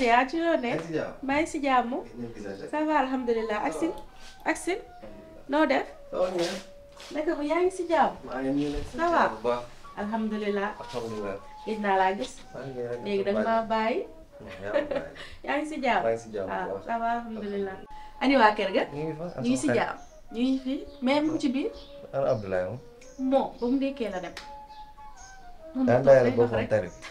Géant ci loo nekk ngi si jàmm ça va alhamdulilah ak sin ak noo def naka bu yaa ngi si jàmm ça va alhamdulilah gis naa laa gis léegi danga maa bàyyi yaa ngi si jàmm waaw ah, ça va alhamdulilah ani waa kër ga ñu si jàmm ñu ngi fii mais mu ci biir ana Abdoulaye moom moom ba mu dékkee la dem moom daal boo xam tarif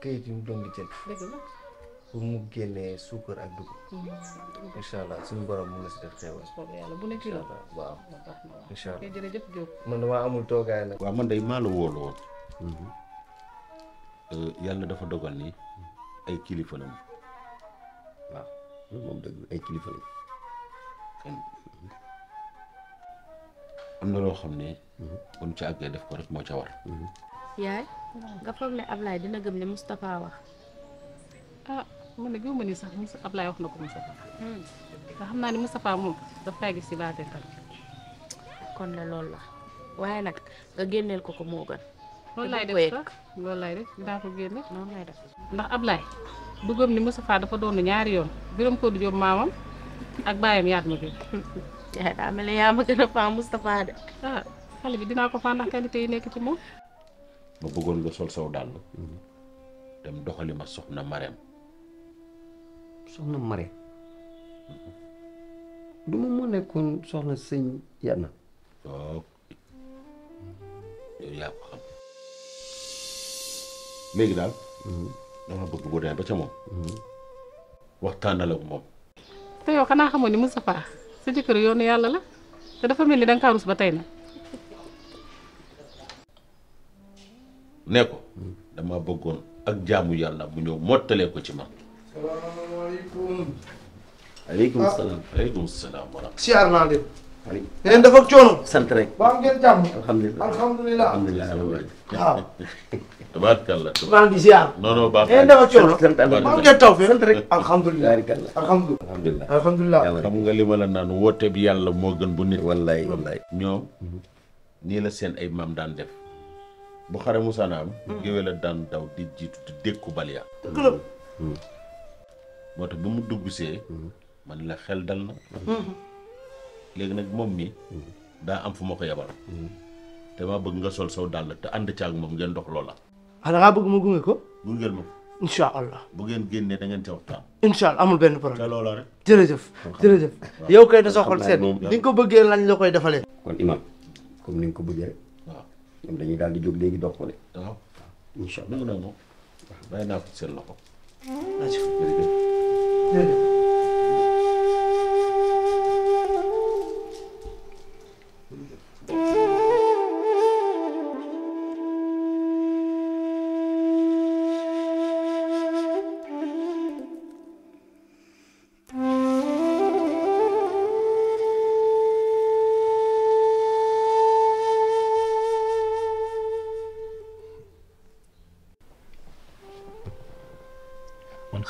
këyit yu mu doon lijjanti. dëgg pour mu génnee suukar ak dugub. Mm-hmm. incha allah suñu borom mën na si def xéewal. amul toogaay nag. waaw man mm-hmm. euh, dafa dogal ni ay kilifa la am na loo xam ne. Mm-hmm. bu ñu ci àggee def ko rek moo ca war. yaay nga foog ne Ablaye dina gëm ne Moustapha wax. Ah, sax Moustapha Ablaye na ko Moustapha. Hmm. nga xam naa ne Moustapha moom daf fay gis si laajte kan. kon na loolu la waaye nag nga génneel ko ko moo gën. loolu laay de sax loolu laay def dinaa ko génne. noonu laay def ndax Ablaye bëggoon ni Moustapha dafa doon ñaari yoon biram ko du jóom maamam ak baayam yaat ma bi. yaa daa mel yaa ma gën a faa Moustapha de. ah bi dinaa ko faa ndax qualité yi nekk ci moom. ma bëggoon nga sol saw dàll mhm. dem doxali ma soxna mareem soxna mareem mhm. du ma moo nekkoon soxna sëñ yanna ok yow yaa ko xam léegi daal mhm. dama bëgg ca moom waxtaanal ak moom te yow xanaa xamoon ni Moustapha sa jëkkër yoonu yàlla la te dafa mel ni danga kaa ba tey na ne ko dama bëggoon ak jaamu yàlla mu ñëw mottalee ko ci man. salaamaaleykum. aleykum ah. salaam aleykum salaam wa rahmatulah. siyaar naa leen. leen dafa coono. sant rek ba am ngeen jàmm. alhamdulilah alhamdulilah alhamdulilah. waaw. tabaarkalla. maa ngi ziar. non non baax na dafa coono. maa ngi taw fii nga li ma la moo gën bu nit. wallaay wallaay. ay maam daan def. bu xare musa naam mm. géwél la daan daw di jitu di dékku bal ya mm. moo tax bi mu sé mm. man la xel dal na légui nak mom mi da am fu mako yabal té te bëgg nga sol saw té and ci ak mom ngeen dox loola ala nga bëgg mu gungé ko allah bu ngeen génnee da ngeen waxtaan allah amul benn problème té loola rek jërëjëf jërëjëf yow kay da soxal sét ni nga ko lañ la koy kon imam comme ni nga ko bëggé rek ñoom dañuy daal di jóg léegi dox ko de. waaw ah. incha allah non non non bàyyi naa ko seen loxo. Ah,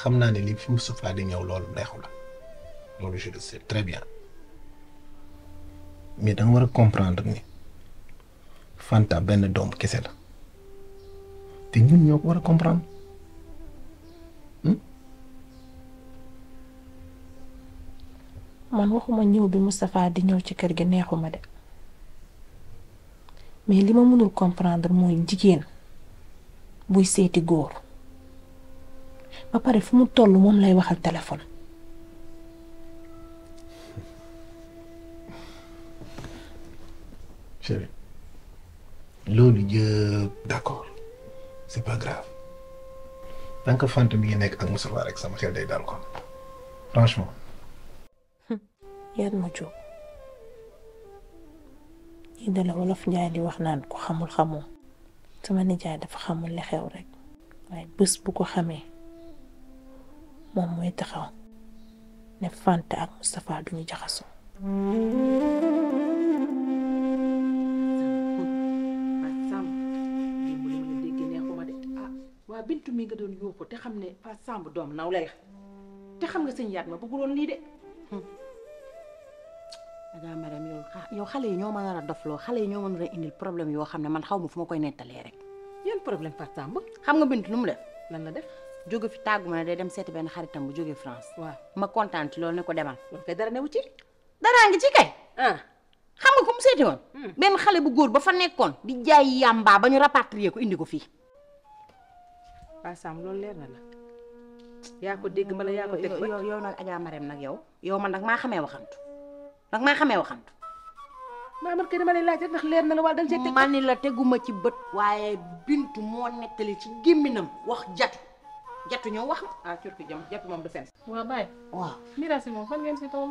xam naa ne lii fi Moustapha di ñëw loolu neexu la loolu je le sais bien mais da war a comprendre ni Fanta benn doomu kese la te ñun ñoo war a comprendre hmm? man waxuma ñëw bi Moustapha di ñëw ci kër gi neexuma de mais li ma mënul comprendre mooy jigéen buy seeti góor ba pare fu mu toll moom lay waxal téléphone chéri loolu yëpp d'accord c'est pas grave tant que fant mi ngi nekk ak Moustapha rek sama xel day daal ko franchement yaat ma jóg lii dala wolof njaay di wax naan ko xamul xamoo sama nijaay dafa xamul li xew rek waaye bés bu ko xamee moom mooy taxaw ne Fanta ak Moustapha duñu jaxasoo. waa bintu mi nga doon yuuxu te xam ne Pa Samb doom naw la te xam nga sëñ yaat ma bëgguloon lii de. dangaa madame yow yow xale yi ñoo ma nar a dofloo xale yi ñoo ma nar indil problème yoo xam ne man xaw ma fu ma koy nettalee rek. yan problème Pa Samb. xam nga bint lu mu def lan la def. jóge fi tàggu ma ne day dem seeti benn xaritam bu jóge France. waaw ma kontaan ci loolu ne ko demal. loolu dara newu ci. daraa ngi ci kay. Ah. xam nga ku mu hmm. xale bu góor ba fa nekkoon. di jaay yàmbaa ba ñu rapatrier ko indi ko fii. waaw Sam loolu na la. yaa ko dégg ma la ko teg ba yow nag yow. yow man nag maa xamee waxantu nag maa xamee waxantu. maa man kay dama ndax leer na la wala da nga ma ni la teguma ci bët. waaye Bintu moo nettali ci gémminam wax jatu. jattu ñoo wax ah curki jam jattu moom du fen waaw baay waaw miraas yi moom fan ngeen si tool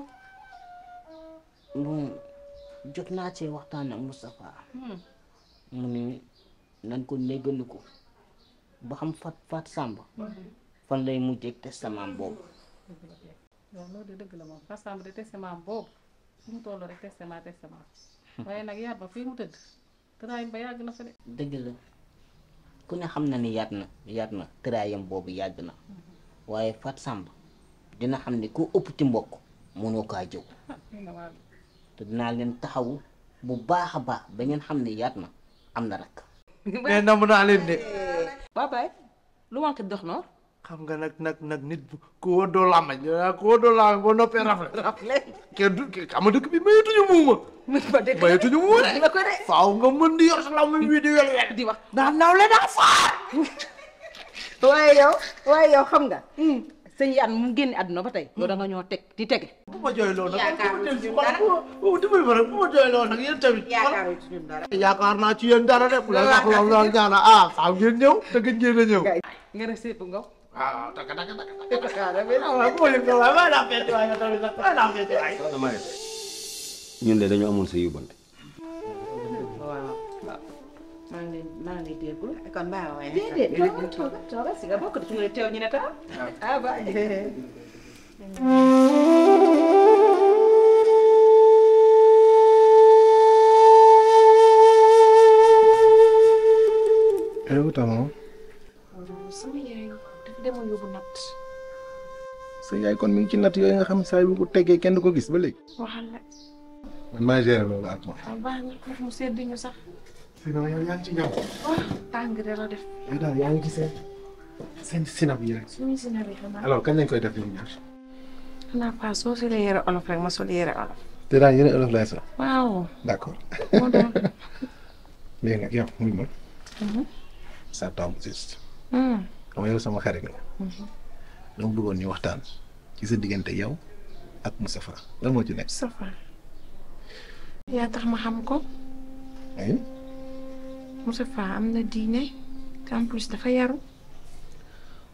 bon jot naa cee waxtaan ak Moustapha mu ni nañ ko néggandiku ba xam fat fat sàmb fan lay mujjeeg testament boobu waaw loolu de dëgg la moom fat sàmb de testament boobu fu mu toll rek testament testament waaye nag yaar ba fii mu tëdd tëraay ba yàgg na fa de dëgg la ku ne xam na ni yaat na yaat na tëraayam boobu yàgg na waaye Fat Samb dina xam ni ku ëpp ti mbokk mënoo kaa jëw te dinaa leen taxaw bu baaxa baax ba ngeen xam ne yaat na am na rek. mais namm naa leen de. baabaay lu wànq dox noor. xam nga nag nag nag nit ku wëddoo làmmañ ah, ku wëddoo làmmañ boo noppee rafle rafle kenn du nga dëkk bi mayatuñu muuma nit ba dëkk mayatuñu muuma na ko de faaw nga mën di yor sa làmmañ wi di wel wel di wax ndax naaw la daa faar waaye xam nga sëñ yaan mu génn àdduna ba tey yow da nga ñoo teg di tege bu ma jooyloo nag dimbali ma rek bu ma jooyloo nag yéen tamit naa ci yéen de bu la tax ah, a ñëw nga ne ñun de dañu amoon sa yóbbante. waaw. maa ngi leen maa ngi déglu kon baax waaye. déedéet toogal toogal toogal si nga bokk ci nga teew ñu ne taa. ah ba. allo Tamo. sama yaay. demoo yóbbu natt. sa yaay kon mi ngi ci natt yooyu nga xam saa bu ko tegee kenn du ko gis ba léegi. waxal la. man maa géré loolu ak moom. Ah, mu sedd ñu sax. sinon yow yaa ngi ci jàmm. waaw ah, tàng de la def. yow daal ngi ci seen seen sinab yi rek. suñu sinab yi xanaa. koy def ñun ñaar. xanaa pas soo solee yére olof rek ma sol yére olof. te daal yére olof lay sol. waaw. xam yow sama xarit la dama bëggoon ñu waxtaan ci sa diggante yow ak Moustapha lan moo ci nekk Moustapha yaa tax ma xam ko ay. Moustapha am na diine te en plus dafa yaru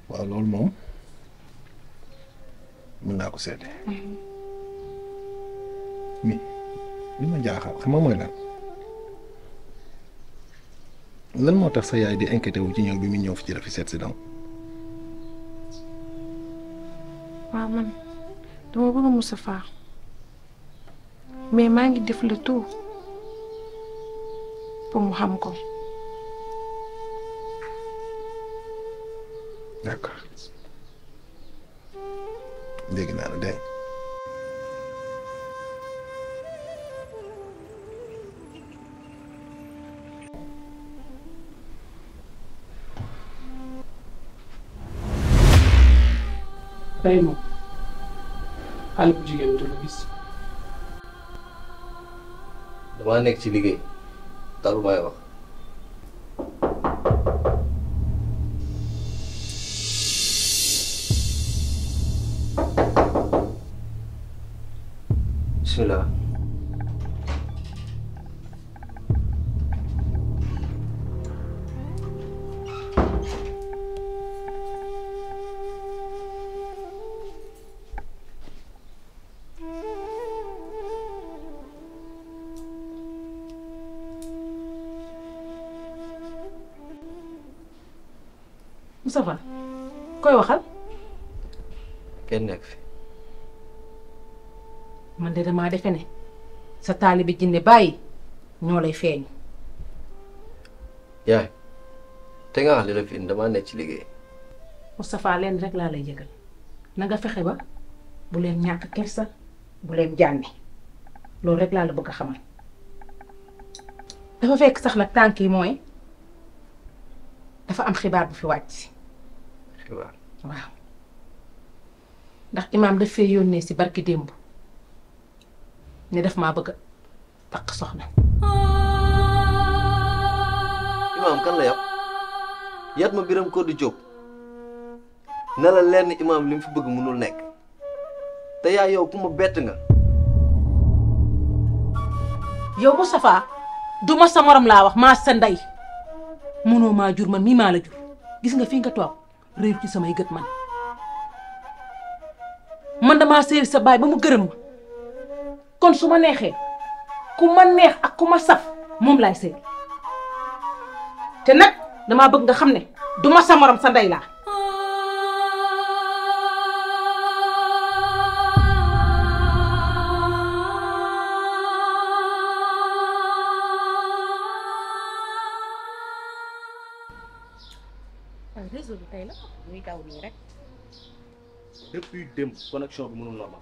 waaw loolu moom mën naa ko seede mi mhm. li ma jaaxal xam nga mooy lan lan moo tax sa yaay di inquiété wu ci ñëw bi mu ñëw fi ci la fi seet si donc waaw man dama bëgg Moustapha mais maa ngi def le tout pour mu xam ko. d'accord dégg de. tey moom xale bu jigéen du la gis. damaa nekk ci liggéey talu may wax. damaa defe ne sa taalibe jinne bàyyi ñoo lay feeñu yaay te nga wax li la fi indi damaa nekk ci liggéey Moustapha leen rek laa lay yëgal na fexe ba bu leen ñàkk kersa bu leen jànni loolu rek laa la bëgg a xamal dafa fekk sax nag tànk yi mooy dafa am xibaar bu fi wàcc xibaar waaw ndax imaam daf fee yónnee si barki démb ne def ma bëgg tak soxna. imam kan la yab yat ma biram ko di jóg ne la lenn imam lim fi bëgg mënul nekk te ya yow kuma ma nga. yow Moustapha du ma sa morom la wax ma sa nday mënoo maa jur man mii maa la jur gis nga fi nga toog réeru ci samay gët man man damaa seeri sa baay ba mu gërëm ma kon suma nexé neexee ku ma neex ak ku ma saf mom lay sëy té nak dama bëgg nga xamné duma sa morom sa nday laa réseau bi tey la depuis démb connexion bi mënul normal.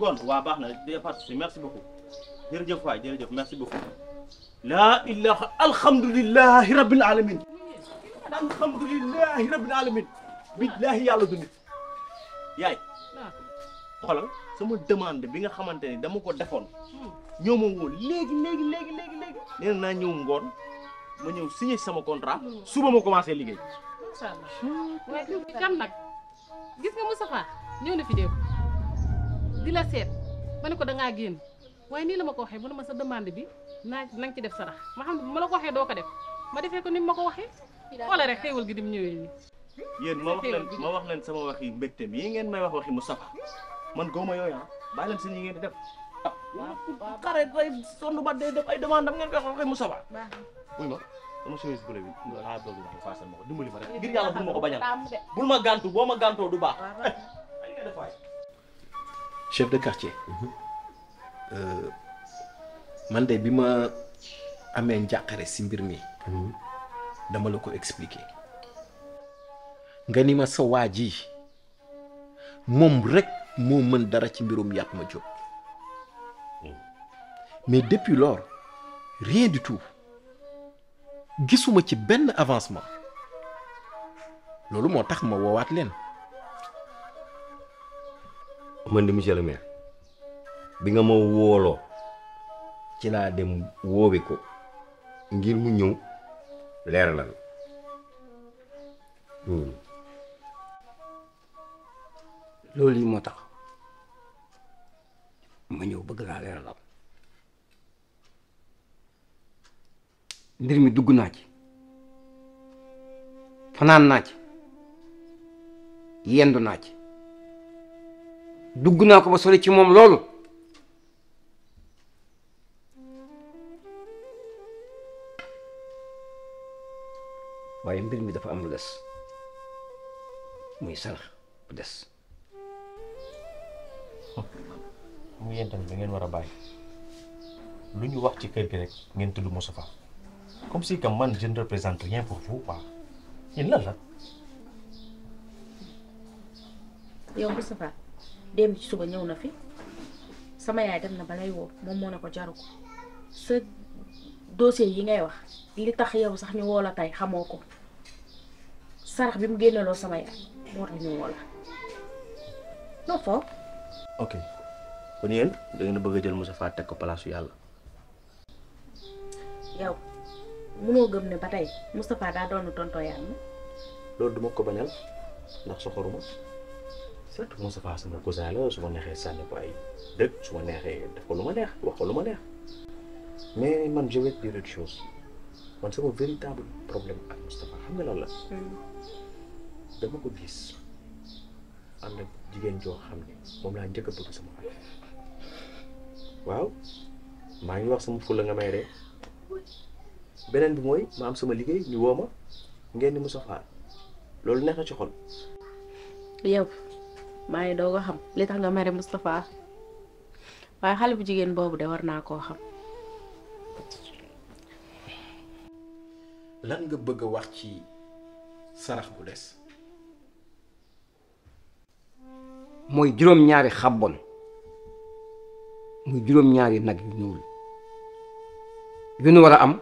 wa baxna dia na ci merci beaucoup way waay jeuf merci beaucoup La ilaha alhamdulillah rabbil alamin alhamdulillah rabbil alamin billahi yàlla du nit yaay xolal sama demande bi nga xamanteni dama ko defone ñoo wo legi legi legi legi legi neena na ñew ñëw ma ñew signé sama contrat suba ma commencé liggéey. inshallah allah kan gis nga mustafa ñew na fi dégg di set seet ko da nga génn way ni lama ko waxe buna ma sa demande bi naa na nga ci def sarax ma xam ma la ko waxe do ko def ma defé ko ni mako waxe wala rek xewul gi dim ñewé ni yeen ma wax len ma wax len sama waxi mbégte mi yi ngeen may wax waxi mustafa man goma yoy ha bay leen seen yi ngeen def kare koy sonu ba day def ay demande ngeen ko waxe mustafa Moustapha muy ma sama chemise bleu bi laa bëgg wax faasal mako dimbali ma rek ngir yalla bu mako bañal bu ma gantu bo ma gàntoo du baax chef de quartier euh, man de bi ma amee njàqare si mi dama la ko expliquer Ngani ma sa waji, ji rek mo dara ci mbirum ma mais depuis lors rien du tout gisuma ci ben avancement Lolo moo tax ma woowaat leen man di monsieur le maire bi nga ma wooloo ci laa dem woowi ko ngir mu leer la hmm. loolu yi moo tax ma ñëw bëgg laa leeralal mbir mi dugg naa ci fanaan naa ci yendu naa ci dugg naa ko ba sori ci mom loolu waye mbir mi dafa am lu dess muy sarax bu dess mu yentam da ngeen wara bay bàyyi lu ñu wax ci kër gi rek ngeen tuddu mustafa comme si que man je ne représente rien pour vous quoi il la la yow mustafa dem ci suba ñew na fi sama yaay dem na balay wo mom mo moo ne ko jaru ko sa dossier yi ngay wax li tax yow sax ñu wola tay xamoko sarax bi mu génneloo sama yaay mo tax ñu wola no fo ok kon yéen da ngeen bëgg jël Moussa fa tek ko palaasu yalla yow munoo gëm ne batay tey Moustapha daa doon tontoo yàlla. loolu duma ko banel ndax soxoruma surtout Moustapha sama cousin la su ma neexee sànni ko ay dëkk su ma neexee def ko lu ma neex wax ko lu ma neex mais man je vais te dire une sama véritable problème ak Moustapha xam nga lan la. Hmm. dama ko gis am na jigéen joo xam ne moom laa njëkk a bëgg sama xarit waaw maa ngi wax sama fulla nga may ree beneen bi mooy ma am sama liggéey ñu woo ma ngeen ni Moustapha loolu neex na ci xol maa ngi doog a xam li tax nga mere Moustapha waaye xale bu jigéen boobu de war naa koo xam. lan nga bëgg a wax ci sarax bu des. mooy juróom-ñaari xabbon muy juróom-ñaari nag yu ñuul yu nu war a am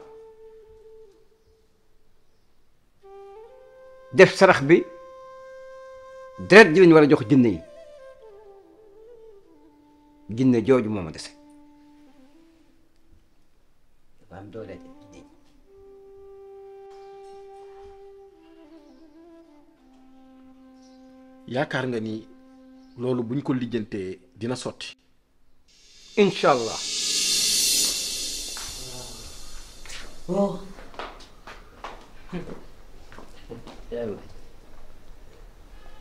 def sarax bi. deret ji lañ war a jox jinne yi jinne jooju moom dese dafa am yaakaar nga ni loolu buñ ko lijjantee dina sotti incha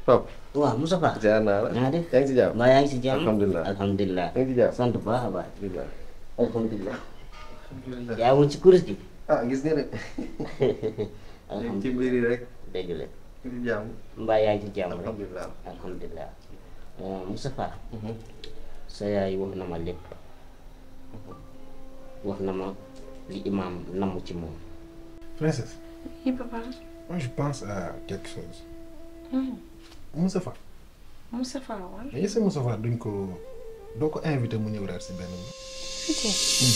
Pape. waaw Moustapha. ziar naa la yaa ngi ci jàmm. yaa ngi ci jàmm alhamdulilah alhamdulilah. yaa ngi ci jàmm sant bu baax a baax. alhamdulilah. yaa woon ci kuréel gi. ah gis nga rek. alhamdulilah ci mbir yi rek. dëgg la. ci jàmm. mbaa yaa ngi ci jàmm rek alhamdulilah alhamdulilah. Eh, Moustapha. Mhm. sa yaay wax na ma lépp. wax na ma li imaam namm ci moom. princesse. oui papa. moi je pense à quelque chose. Moussa Fall. Moussa Fall waaw. mais que Moussa Fall duñ ko doo ko invité mu ñëw daal si benn. ok. Mm.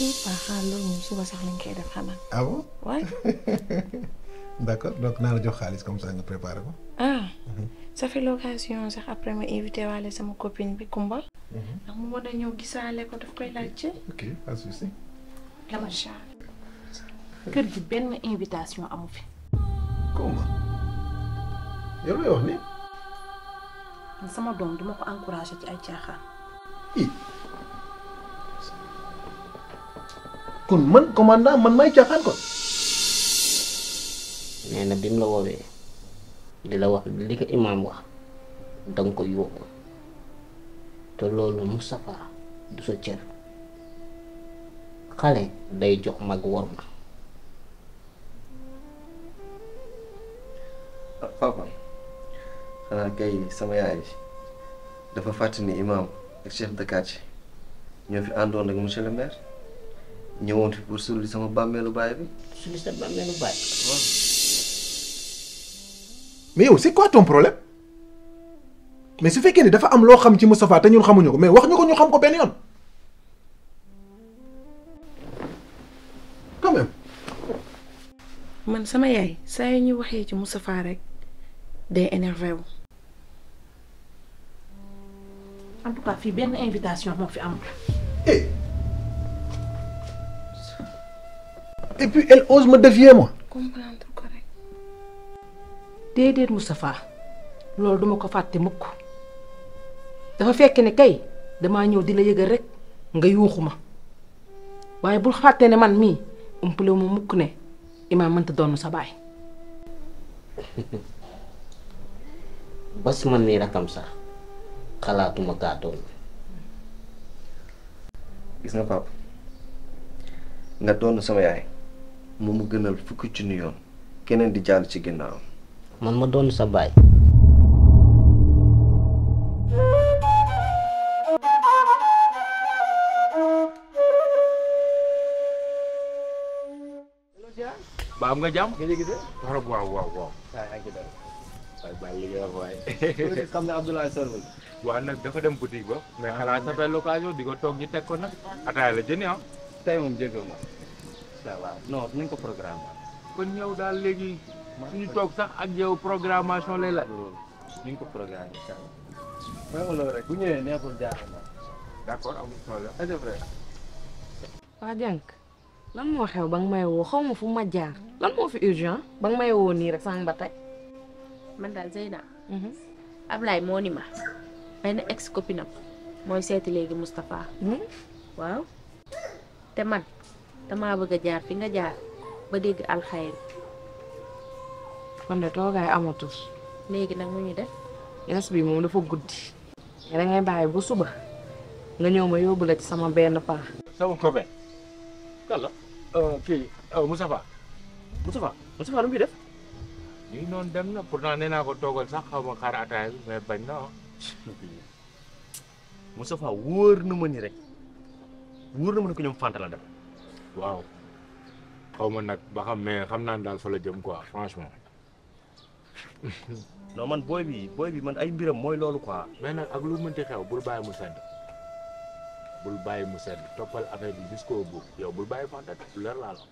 oui xaar loolu moom suba sax lañ koy def xanaa. ah bon waay. d' accord donc naa la jox xaalis comme ça nga préparé ko. ah. ça mhm. fait l'occasion sax après ma invité waale sama copine bi Kumba. Mhm. ndax mu mën a ñëw gisaale ko daf koy laajte. ok pas de souci. la macha allah. kër gi benn invitation amu fi. comment. yow lay wax sama doom duma ko encouragé ci ay caaxaan. i kon man commandant man may caaxaan ko nee bi mu la woowee di la wax li ko imaam wax danga ko yóbbu te loolu Moustapha du sa cër xale day jox mag war xanaa kay sama yaay dafa fàttali ni imam ak chef de quartier ñoo fi àndoon ak monsieur le maire ñëwoon fi pour sulli sama bàmmeelu baay bi. sulli mais yow c'est quoi problème mais su fekkee ni dafa am loo xam ci Moustapha te ñun xamuñu ko mais wax ñu ko ñu xam ko benn yoon. quand man sama yaay saa yu ñu waxee ci Moustapha rek day énervé en tout cas fii une invitation à mon fils. Eh. et puis elle ose me défier moi. comprendre ko Moustapha ko mukk kay di la rek nga pas ne man mukk ne imaam sa bas man pas rakam xalaatuma kaatoon gis nga pap, nga doon sama yaay mu mu gënal fukki ci nu yoon keneen di jàll ci ginnaw. man ma doon sa baay ba am nga jàmm nga jéggi de waaw waaw waaw waaw ah, waaye bàyyi nag dafa dem boutique ba. mais ah. xanaa sa belle occasion di ko toog ñu teg ko nag. ataaya la jënd ah. tey moom jëndoo ma. ça va ko programme. kon ñëw daal léegi. suñu toog sax ak yow programmation lay la. nañ ko programme incha allah. loolu rek bu ñëwee neexul jaaxal na. Ah, moo xew ba nga woo xaw ma fu ma jaar lan moo fi urgent ba nga woo nii rek sànq ba tey. man daal Zeyna. Mhm. Ablaye moo ni ma. benn ex copine mooy seeti léegi Moustapha. Mhm. waaw. te man damaa bëgg a jaar bi nga jaar ba dégg alxayri. kon de toogaay amatul. léegi nag mu ñu def. yes moom dafa guddi. da ngay ba suba nga ñëw ma yóbbu la ci sama benn paa. sama copain. kàlla euh, kii euh, Moustapha muy def. lii noonu dem na pourtant nee naa ko toogal sax xaw ma ataaya bi bañ na ah. Moustapha wóor na rek wóor na ma ne ko Fanta la dem. waaw xaw ma nag ba xam mais xam naa ne daal fa la jëm quoi franchement. non man booy bi booy bi man ay mbiram mooy loolu quoi. mais nag ak lu mënti xew bul bàyyi mu sedd bul bàyyi mu sedd toppal affaire bi jusqu'au bout yow bul bàyyi Fanta lu leer laa la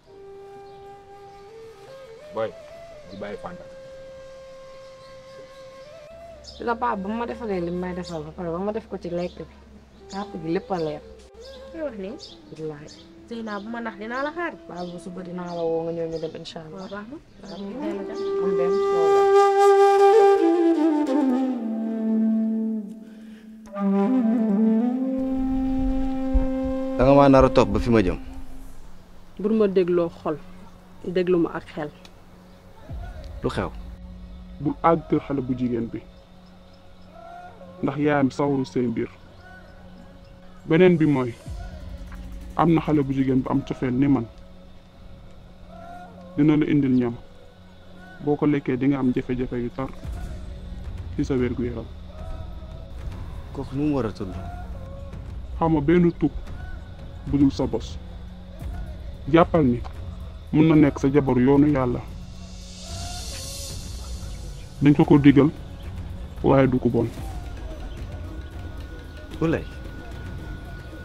booy. bàyyi Fanta dina baax ba ma defalee li may defal ba pare ba ma def ko ci lekk bi kàpp gi lépp a leer. li wax nii. wallaahi. Zeyna bu ma nax dinaa la xaar. waaw bu suba dinaa la woo nga ñëw ñu dem incha allah. waaw baax na. am benn da nga a ba fi ma jëm. bur ma dégloo xol déglu ma ak xel. lu xew. xale bu bi. ndax yaayam sawarul seen biir beneen bi mooy am na xale bu jigéen bu am cofeel ni man dina la indil ñam boo ko lekkee di nga am jafe-jafe yu tar ci sa wér gu yaram. kooku war a xaw ma benn tub bu dul sa bos jàppal ni mun na nekk sa jabar yoonu yàlla dañ ko ko digal waaye du ko bon. Ulay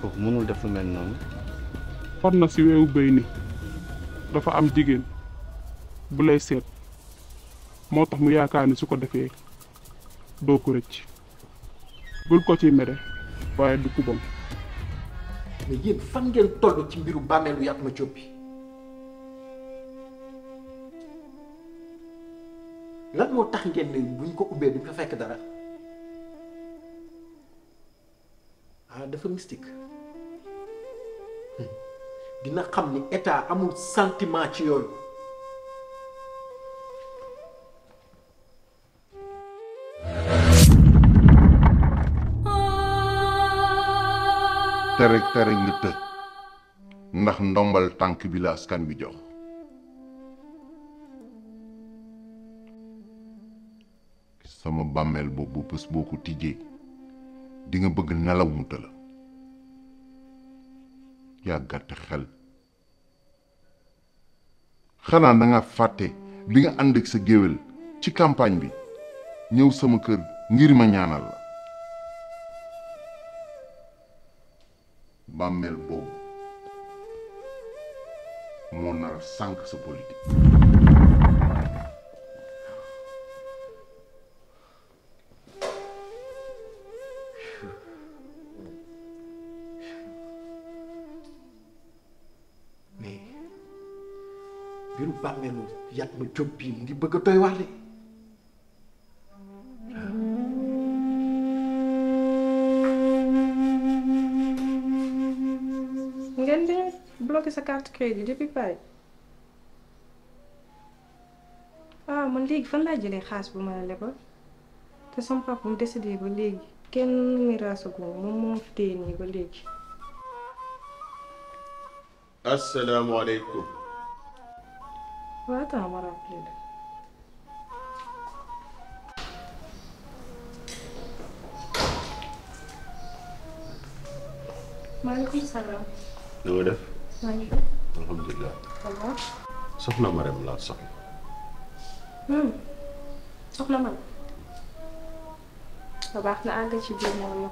kooku mënul def lu mel noonu. far na si weewu béy ni dafa am jigéen bu lay seet moo tax mu yaakaar ni su ko defee doo ko rëcc bul ko ci mere waaye du ko bon. mais fan ngeen toll ci mbiru bàmmeelu yaat ma coppi lan moo tax ngeen ko ubbee fekk dara. ah dafa mystique hmm. dina xam ni état amul sentiment ci yooyu tere tere ñu te ndax ndombal tank bi la askan bi jox sama bammel bobu bés boo ko di nga bëgg nelaw mu tëla yaa gàtt xel xanaa da nga fàtte bi nga ànd ak sa géwél ci campagne bi ñëw sama kër ngir ma ñaanal la bàmmeel boobu moo nar sa politique bàmmeelu yat ma jóg bii ngi bëgg a doy waale ngeen di bloqué sa carte crédit depuis pay ah man léegi fan laa jëlee xaas bu ma la lebal te sama papa mu décédé ba léegi kenn miraasagu moom moo fi téye nii ba léegi asalaamaaleykum بعدها مرة قليلة وعليكم السلام نورف وعليكم الحمد لله والله سخنة مريم لا سخنة امم سخنة مريم طب احنا قاعدة شي بينا والله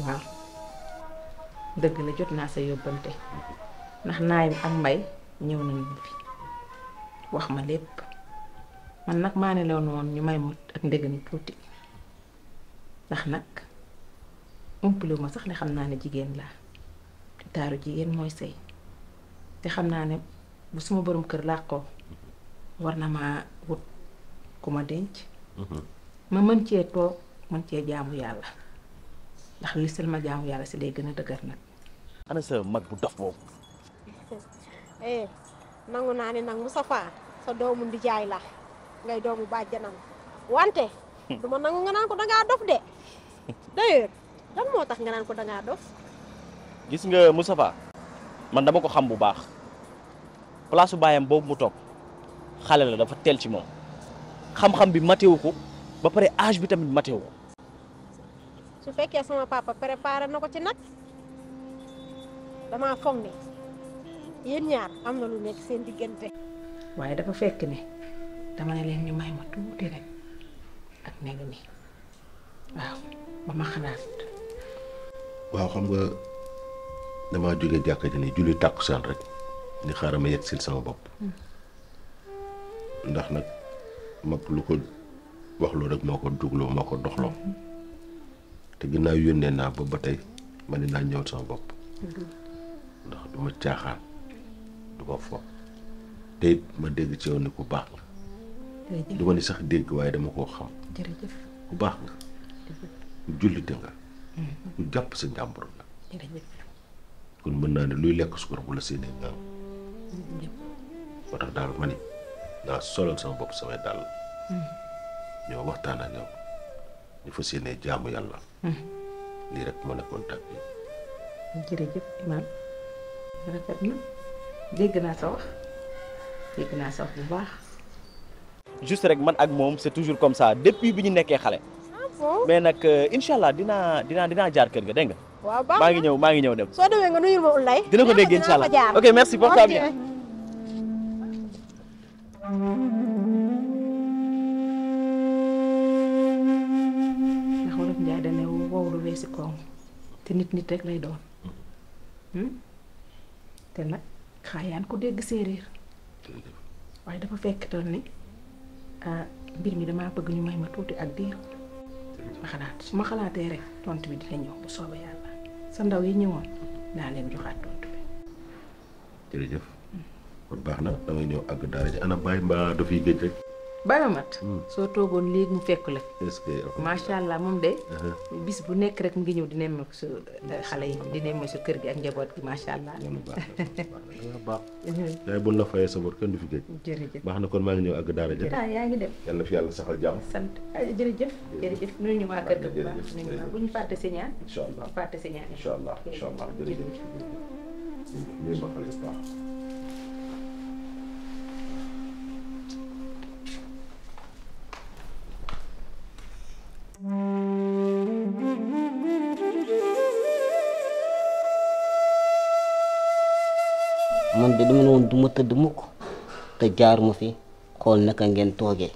waaw dëgg la jot naa sa yóbbante ndax naayam ak mbay ñëw nañu fi wax ma lépp man nag maa ne la woon ñu may mot ak ni tuuti ndax nag umpale ma sax ne xam naa ne jigéen laa taaru jigéen mooy sëy te xam naa ne bu suma borom kër làqoo war na maa wut ku ma denc mhm. ma mën cee toog mën cee jaamu yàlla ndax li sel ma jaamu yàlla si day gën a dëgër nag. ana sa mag bu dof boobu. eh nangu naa ne nag Moustapha sa doomu ndijaay la ngay doomu bàjjanam wante. Hmm. du ma nangu nga naan ko dangaa dof de. d'ailleurs lan moo tax nga naan ko dangaa dof. gis nga Moustapha man dama ko xam bu baax place baayam boobu mu toog xale la dafa teel ci moom xam-xam bi matewu ko ba pare âge bi tamit matewu su fekkee sama papa préparé na ko ci nag damaa foog ne yéen ñaar am na lu nekk seen diggante. waaye dafa fekk ne dama leen ñu may ma tuuti rek ak negu nii waaw ba ma xalaat. waaw xam nga damaa jóge jàkka ji ni julli tàkkusaan rek ni xaaral ma yegg si sama bopp. ndax nag mag lu ko wax loo rek moo ko dugloo moo ko doxloo. te ginnaw yonne na ba batay man dina ñew sama bop ndax duma tiaxal du fo te ma deg ci yow ku baax du ma ni sax deg waaye dama ko xam ku baax nga julli jullite nga mm-hmm. ku japp sa jambur nga kun mën na ne luy lekk sukar bu la séenee nga motax dal mani da solo sama bop sama dal samay dàll mm-hmm. ñoo waxtaan ak yow ñu jaamu yàlla lii rek naa sa naa sa bu baax. juste rek man ak moom c'est toujours comme ça depuis bi ñu nekkee xale. Ah mais nag euh, incha allah dinaa dinaa dinaa jaar kër ga dégg nga. waaw maa ngi ñëw maa ngi ñëw dem. soo demee nga nuyul ma Ulay. dina ko dégg incha allah ok merci portable bien. dalee si te nit nit rek lay doon hmm? te nag xaayaan ko dégg séeréer waaye dafa fekk tal ni ah, mbir mi damaa bëgg ñu may ma tuuti ak diir ma xalaat su ma xalaatee rek tontu bi dina ñëw bu soobee yàlla sa ndaw yi ñëwoon naa joxaat tontu bi. jërëjëf. Hmm. kon baax na damay ñëw àgg daara ji ana bàyyi mbaa dafay géej rek. Baye Mamat hmm. soo toogoon léegi ñu fekk la macha allah moom de uh-huh. bis bu nekk rek mu ngi ñëw di nemmeeku su eh, xale yi di nemmeeku su kër gi ak njaboot gi macha allah baax yaay bu la fayee sa bor kenn du fi géej jërëjëf na kon maa ngi ñëw àgg a jëf ah, yaa ngi dem yàlla fi yàlla saxal jàmm sant ah, jërëjëf jërëjëf nuyu ñu waa kër gi bu ñu fàtte si ñaan incha allah fàtte si ñaan allah incha allah jërëjëf man de du ma tëdd mukk te mu fi xool naka ngeen toogee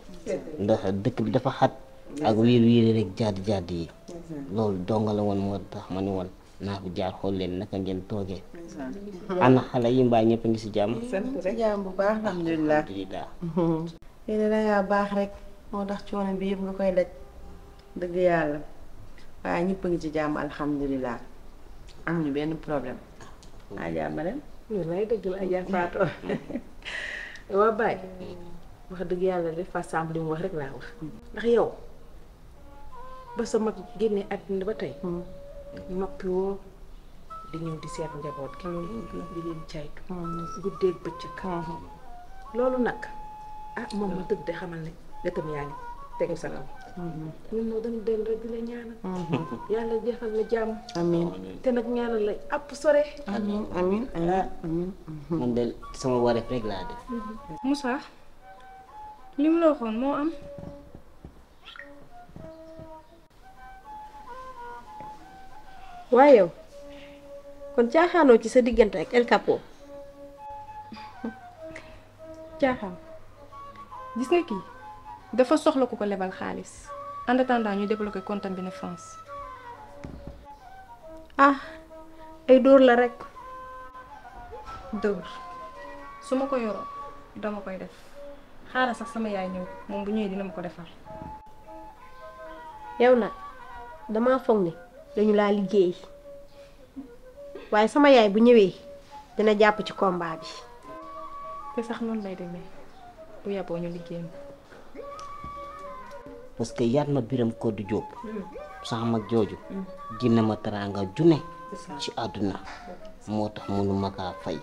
ndax dëkk bi dafa xat ak wiir wiiri rek jadd jadd yi loolu donga la woon moo tax ma ne woon naa ko jaar xool leen naka ngeen toogee ana xale yi mbaa ñëpp a ngi si jàmm si bu baax alhamdulilah yéen dangaa baax rek moo tax coono bi yëpp nga koy daj dëgg yàlla a ngi ci jàmm alhamdulilah benn problème waa jàmm leen ñu lay dëgg la dëgg yàlla de fa semble ndax yow ba sa mag hmm. ñëw di seet njaboot gi hmm. di leen caytu hmm. loolu nag ah moom ma dëgg de xamal ne gëtam yaa ngi tegu sa kaw ñun moo dañu dellu yàlla jeexal la jàmm. te nag ñaanal la àpp sore. amiin amiin amiin. moo am. waaye kon caaxaanoo ci sa diggante ak El Capo. caaxaan gis nga kii. dafa soxla ko ko lebal xaalis en attendant ñu débloqué compte bi ne France. ah ay dóor la rek dóor su ma ko yoroo dama koy def xaaral sax sama yaay ñëw moom bu ñëwee dina ma ko defar yow nag dama foog ne dañu laa liggéey waaye sama yaay bu ñëwee dina jàpp ci combat bi. te sax noonu lay demee bu yàbboo ñu liggéey parce que yaat ma biram Codé Diop. Mm. sax mag jooju. Mm. ginna ma teraanga junne. ci àdduna moo tax munu ma kaa fay.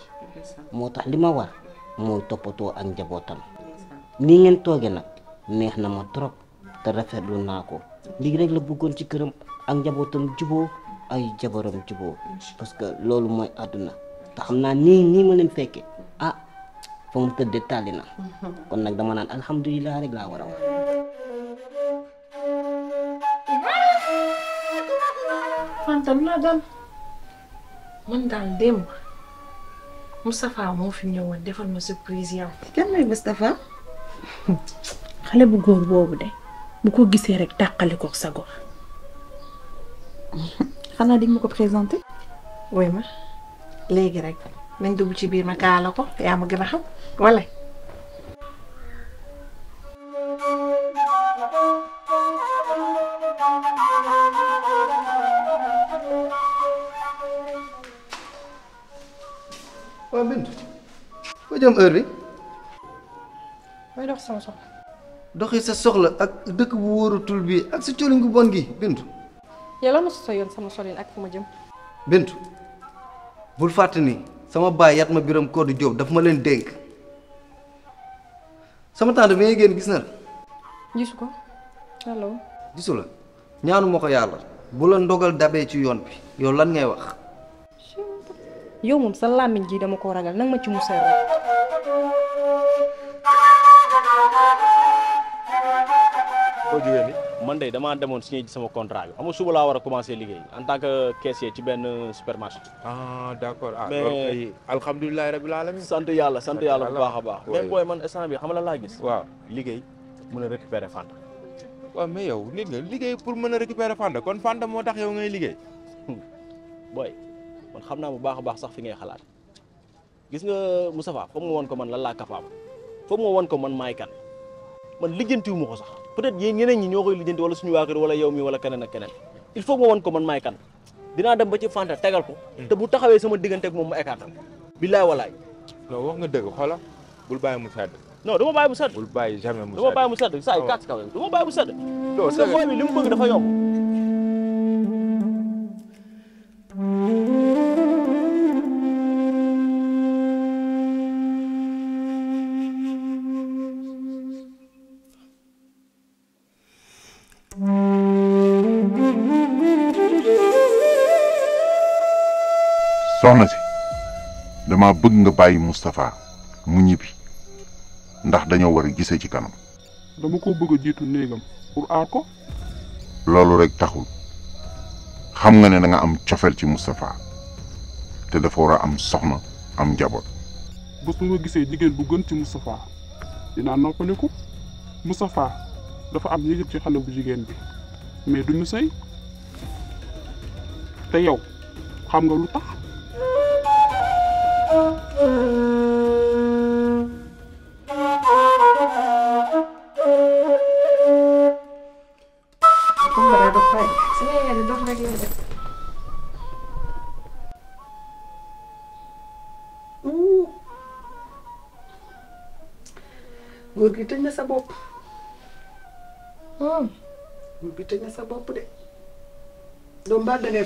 moo tax li ma war mooy toppatoo ak njabootam. nii ngeen toogee nag neex na ma trop te rafetlu naa ko lii rek la buggoon ci këram ak njabootam juboo ay jabaram juboo parce que loolu mooy àdduna te xam naa nii nii ma leen fekke ah fa mu tëddee tàlli na mm-hmm. kon nag dama naan alhamdulilah rek laa war fantam laa dal man daal démb Moustapha moo fi ñëwoon defal ma surprise yow. kenn mooy Moustapha. xale bu góor boobu de bu ko gisee rek tàqali ko sa gox. xanaa di ma ko présenté. woy ma léegi rek nañ dugg ci biir ma kaala ko yaa ma gën a xam wala. jëm heure bi. may dox sama soxla. doxi sa soxla ak dëkk bu wóorutul bi ak sa colin bon gi Bintu. yalla ma sa yoon sama solin ak fuma jëm. Bintu bul fatani sama baay yatma biram biram Codé job daf ma leen denk sama tante bi ngay génn gis na gisuko hello gisula ñaanu ma yalla bu la ndogal dabé ci yoon bi yow lan ngay wax. yow mom sa lamine ji dama ko ragal ma ci musay rek. foo jógee ni man de damaa demoon signé ji sama contrat bi xam nga suba laa war a commencé liggéey en tant que caissier ci benn supermarché. ah d' accord ah loolu kay alhamdulilah alamin sant yàlla sant yàlla bu baax a baax. mais booy man instant bi xam la gis. waaw liggéey mën a récupérer Fanta. waaw mais yow nit liggéey pour mën a récupérer Fanta kon Fanta moo tax yow ngay liggéey. Hmm. booy man xam naa bu baax a baax sax fi ngay xalaat gis nga Moustapha foog ma woon ko man lan laa capable foog ma ko man maay kan man lijjantiwu ma ko sax. peut-être yéen ñeneen ñi ñoo koy lijjanti wala suñu waa kër wala yow mi wala keneen ak keneen il faut ma wan ko man maay kan dinaa dem ba ci Fanta tegal ko hmm. te bu taxawee sama diggante ak moom ma écartal billaay walaay non wax nga dëgg xoola bul bàyyi mu sedd non du ma bàyyi mu sedd bul bàyyi jamais mu sedd du bàyyi mu sedd saa yu ah kàtt kaw bàyyi mu sedd parce que booy bi li mu bëgg soxna si dama bëgg nga bàyyi Moustapha mu ñibbi ndax dañoo war a gisee ci kanam. dama ko bëgg a jiitu néegam pour aar ko. loolu rek taxul xam nga ne danga am cofeel ci Moustapha te dafa war a am soxna am njaboot. bés bu nga gisee jigéen bu gën ci Moustapha dinaa noppaliku Moustapha dafa am yëg ci xale bu jigéen bi mais duñu sëy te yow xam nga lu tax. góor gi tëj na sa bopp. Hmm. góor gi tëj na sa bopp de. doom ba da ngay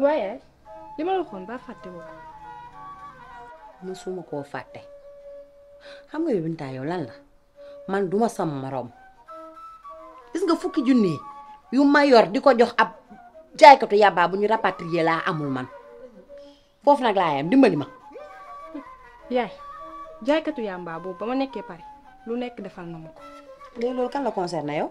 waaye li eh. e ma la waxoon ba fàtte woo ko. mësuma koo fàtte xam nga Binta yow lan la man duma sam morom gis nga fukki junni yu mayor yor di ko jox ab jaaykatu yàbbaa ya bu ñu rapatrier laa amul man foofu nag laa yam dimbali ma. yaay jaaykatu yàmbaa ya boobu ba ma nekkee Paris lu nekk defal na ma ko. kan la concerné yow.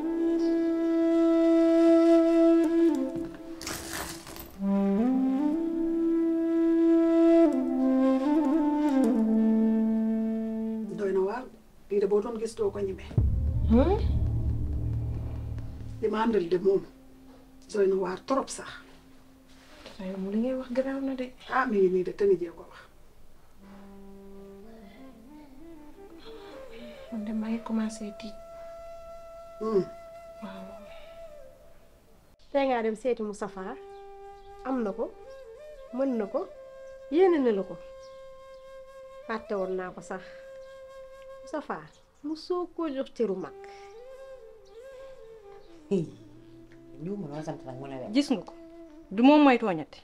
de boo doon gis doo ko ñeme. li ma àndal de moom doy na waar trop sax. waaye moom li ngay wax garaaw na de. ah mi nii de tani jee ko wax. man de maa ngi commencé tiit. waaw. tey ngaa dem seeti Moustapha am na ko mën na ko yéene na la ko fàtte woon naa ko sax. Safa mosoo koo jox cëru mag. ñu ma gis nga ko du moom mooy tooñati.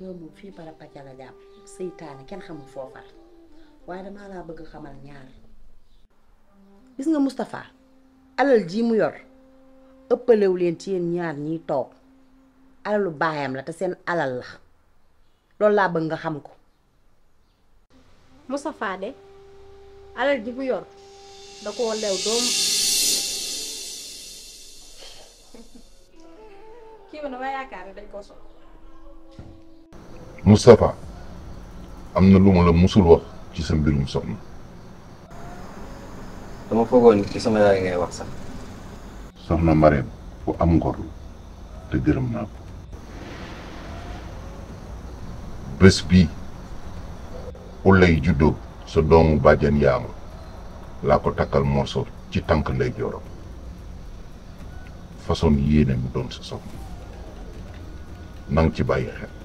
yow moom fii bara pàcc la waaye damaa laa bëgg xamal ñaar gis nga Moustapha alal ji mu yor ëppalewu leen ci yéen ñaar ñiy toog alalu baayam la te seen alal la loolu laa bëgg nga xam ko. Moustapha de. alal ji bu yor da koo lew doom kii ma dama yaakaar ne dañ koo soxla. Moustapha am na lu ma la musul wax ci sa mbirum soxna. dama foogoon ci sama yaay ngay wax sax. soxna Marème bu am ngor te gërëm naa ko. bés bi ulay juddoo. sa doomu bàjjen yaama laa ko takkal morso ci tànk lay jooram façon yéene mu doon sa soxna nang ci bàyyi